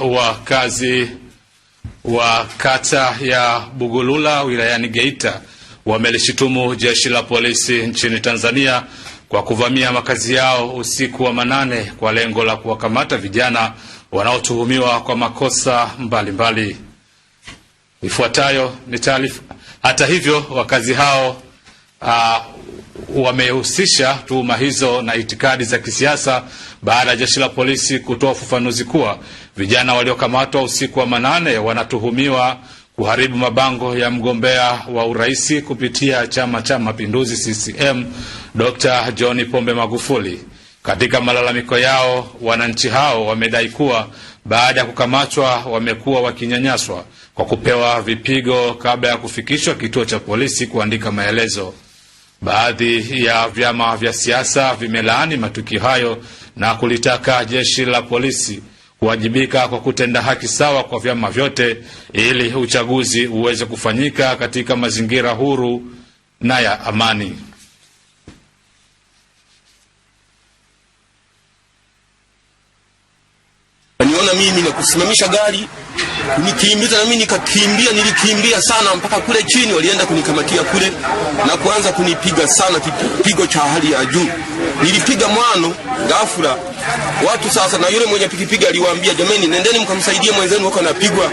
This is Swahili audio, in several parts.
wakazi wa kata ya Bugulula wilayani Geita wamelishitumu jeshi la polisi nchini Tanzania kwa kuvamia makazi yao usiku wa manane kwa lengo la kuwakamata vijana wanaotuhumiwa kwa makosa mbalimbali mbali. Ifuatayo ni taarifa. Hata hivyo wakazi hao uh, wamehusisha tuhuma hizo na itikadi za kisiasa baada ya jeshi la polisi kutoa ufafanuzi kuwa vijana waliokamatwa usiku wa manane wanatuhumiwa kuharibu mabango ya mgombea wa uraisi kupitia Chama cha Mapinduzi CCM Dr. John Pombe Magufuli. Katika malalamiko yao, wananchi hao wamedai kuwa baada ya kukamatwa wamekuwa wakinyanyaswa kwa kupewa vipigo kabla ya kufikishwa kituo cha polisi kuandika maelezo. Baadhi ya vyama vya siasa vimelaani matukio hayo na kulitaka jeshi la polisi kuwajibika kwa kutenda haki sawa kwa vyama vyote ili uchaguzi uweze kufanyika katika mazingira huru na ya amani. mimi na kusimamisha gari kunikimbiza, nami nikakimbia. Nilikimbia sana mpaka kule chini, walienda kunikamatia kule na kuanza kunipiga sana, kipigo cha hali ya juu. Nilipiga mwano gafula watu sasa, na yule mwenye pikipiga aliwaambia, jameni, nendeni mkamsaidie mwenzenu, huko anapigwa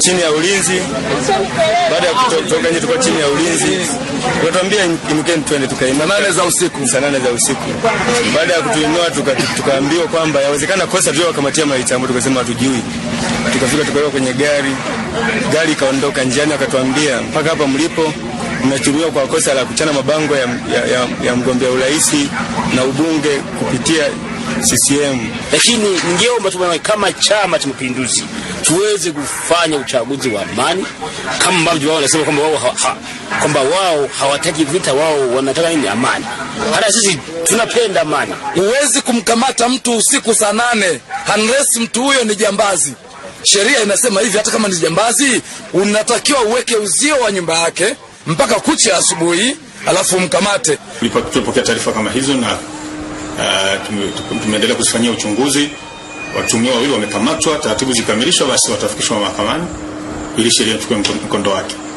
chini ya ulinzi, baada ya kutoka nje tuko chini ya ulinzi, wakatuambia imkeni, twende tukainua nane za usiku, saa nane za usiku. Baada ya kutuinua tukaambiwa kwamba yawezekana kosa tulio wakamatia ambao tukasema hatujui. Tukafika tukawekwa kwenye gari, gari ikaondoka. Njiani wakatuambia mpaka hapa mlipo mnachuruliwa kwa kosa la kuchana mabango ya, ya, ya, ya mgombea urais na ubunge kupitia CCM. Lakini ningeomba ndio kama Chama cha Mapinduzi tuweze kufanya uchaguzi wa amani, kama ambavyo wao wanasema kwamba wao kwamba wao hawataki vita, wao wanataka nini? Amani. Hata sisi tunapenda amani. Huwezi kumkamata mtu usiku saa nane unless mtu huyo ni jambazi. Sheria inasema hivi, hata kama ni jambazi, unatakiwa uweke uzio wa nyumba yake mpaka kucha asubuhi, alafu mkamate. Tulipokea taarifa kama hizo na uh, tumeendelea kuzifanyia uchunguzi watuhumiwa wawili wamekamatwa, taratibu zikamilishwa, basi watafikishwa mahakamani ili sheria ichukue mkondo wake.